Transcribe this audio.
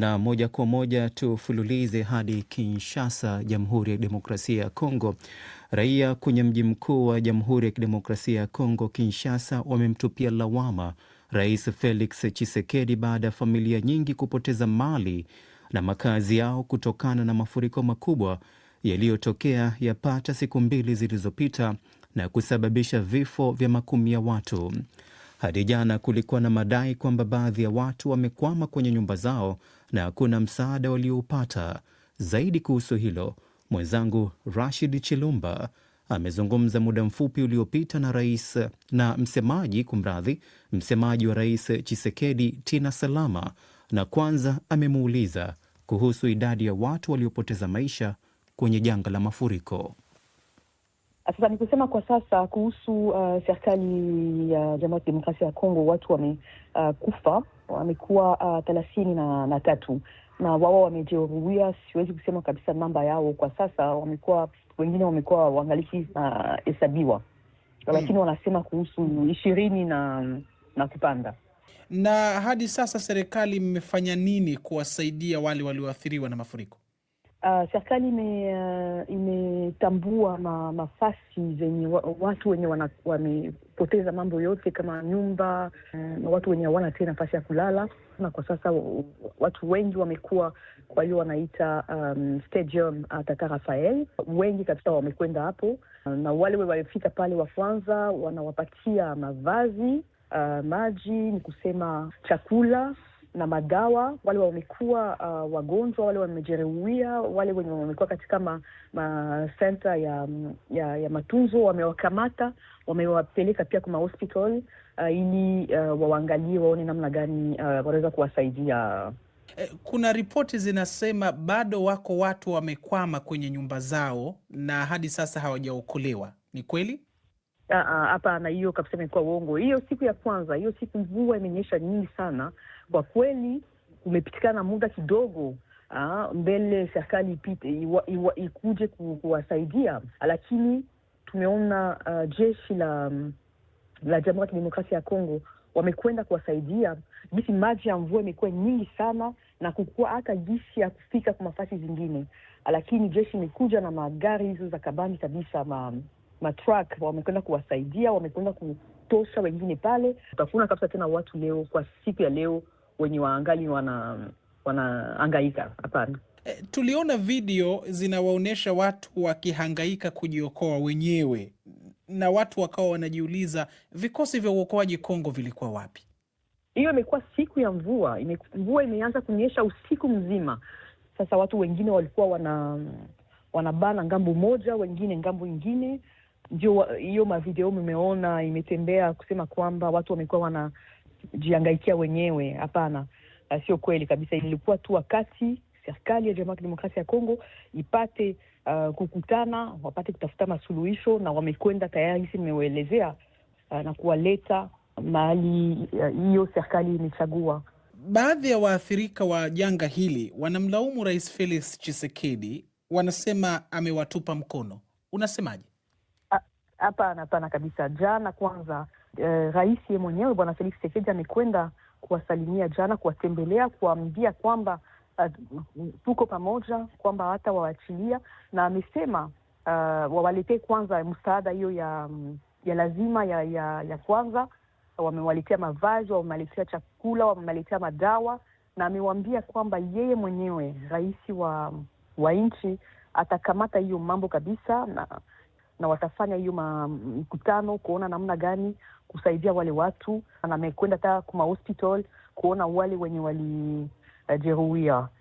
Na moja kwa moja tufululize hadi Kinshasa, Jamhuri ya Kidemokrasia ya Kongo. Raia kwenye mji mkuu wa Jamhuri ya Kidemokrasia ya Kongo, Kinshasa, wamemtupia lawama Rais Felix Tshisekedi baada ya familia nyingi kupoteza mali na makazi yao kutokana na mafuriko makubwa yaliyotokea yapata siku mbili zilizopita na kusababisha vifo vya makumi ya watu. Hadi jana kulikuwa na madai kwamba baadhi ya watu wamekwama kwenye nyumba zao na kuna msaada walioupata. Zaidi kuhusu hilo, mwenzangu Rashid Chilumba amezungumza muda mfupi uliopita na rais na msemaji kumradhi, msemaji wa rais Chisekedi Tina Salama, na kwanza amemuuliza kuhusu idadi ya watu waliopoteza maisha kwenye janga la mafuriko. Ah, sasa ni kusema kwa sasa kuhusu uh, serikali ya uh, Jamhuri ya Kidemokrasia ya Kongo, watu wamekufa uh, wamekuwa uh, thelathini na, na tatu na wao wamejeruhiwa, siwezi kusema kabisa namba yao kwa sasa. Wamekuwa wengine wamekuwa waangaliki na uh, hesabiwa lakini wanasema kuhusu ishirini na, na kupanda. Na hadi sasa serikali imefanya nini kuwasaidia wale walioathiriwa na mafuriko? Uh, serikali ime, mafasi ah, imetambua ma, nafasi zenye wa, watu wenye wamepoteza mambo yote kama nyumba eh, na uh, watu wenye hawana tena nafasi ya kulala, na kwa sasa watu wengi wamekuwa, kwa hiyo wanaita um, stadium ah, Rafael, wengi kabisa wamekwenda hapo, na wale waliofika pale wa kwanza wanawapatia mavazi uh, maji, ni kusema chakula na madawa, wale wamekuwa uh, wagonjwa, wale wamejeruhia wale wenye wamekuwa katika ma, ma ya, ya, ya matunzo wamewakamata, wamewapeleka pia kwa mahospital uh, ili uh, wawaangalie, waone namna gani uh, wanaweza kuwasaidia. Eh, kuna ripoti zinasema bado wako watu wamekwama kwenye nyumba zao na hadi sasa hawajaokolewa. Ni kweli? Ah, ah, hapana, hiyo kabisa imekuwa uongo. Hiyo siku ya kwanza, hiyo siku mvua imenyesha nyingi sana kwa kweli, kumepitikana muda kidogo aa, ah, mbele serikali ipite ikuje kuwasaidia, lakini tumeona uh, jeshi la, la Jamhuri ya Kidemokrasia ya Kongo wamekwenda kuwasaidia jisi maji ya mvua imekuwa nyingi sana na kukua hata jisi ya kufika kwa nafasi zingine, lakini jeshi imekuja na magari hizo za kabambi kabisa ma, matruck wamekwenda kuwasaidia, wamekwenda kutosha wengine pale. utakuna kabisa tena watu leo kwa siku ya leo wenye waangali wana wanaangaika? Hapana. E, tuliona video zinawaonyesha watu wakihangaika kujiokoa wenyewe na watu wakawa wanajiuliza vikosi vya uokoaji Kongo vilikuwa wapi? Hiyo imekuwa siku ya mvua ime, mvua imeanza kunyesha usiku mzima. Sasa watu wengine walikuwa wana wanabana ngambo moja, wengine ngambo ingine hiyo mavideo mmeona imetembea kusema kwamba watu wamekuwa wanajiangaikia wenyewe. Hapana, sio kweli kabisa. Ilikuwa tu wakati serikali ya Jamhuri ya Kidemokrasia ya Kongo ipate uh, kukutana, wapate kutafuta masuluhisho, na wamekwenda tayari, hisi nimeuelezea uh, na kuwaleta mahali uh, hiyo uh, serikali imechagua. Baadhi ya waathirika wa janga hili wanamlaumu Rais Felix Tshisekedi, wanasema amewatupa mkono. Unasemaje? Hapana, hapana kabisa. Jana kwanza, eh, rais ye mwenyewe bwana Felix Tshisekedi amekwenda kuwasalimia jana, kuwatembelea, kuwaambia kwamba uh, tuko pamoja, kwamba hata wawachilia na amesema uh, ah, wawaletee kwanza msaada hiyo ya, ya lazima ya, ya, ya kwanza. Wamewaletea mavazi, wamewaletea chakula, wamewaletea madawa na amewaambia kwamba yeye mwenyewe rais wa, wa nchi atakamata hiyo mambo kabisa na na watafanya hiyo mkutano kuona namna gani kusaidia wale watu, na amekwenda hata kuma hospital kuona wale wenye walijeruhiwa. Eh,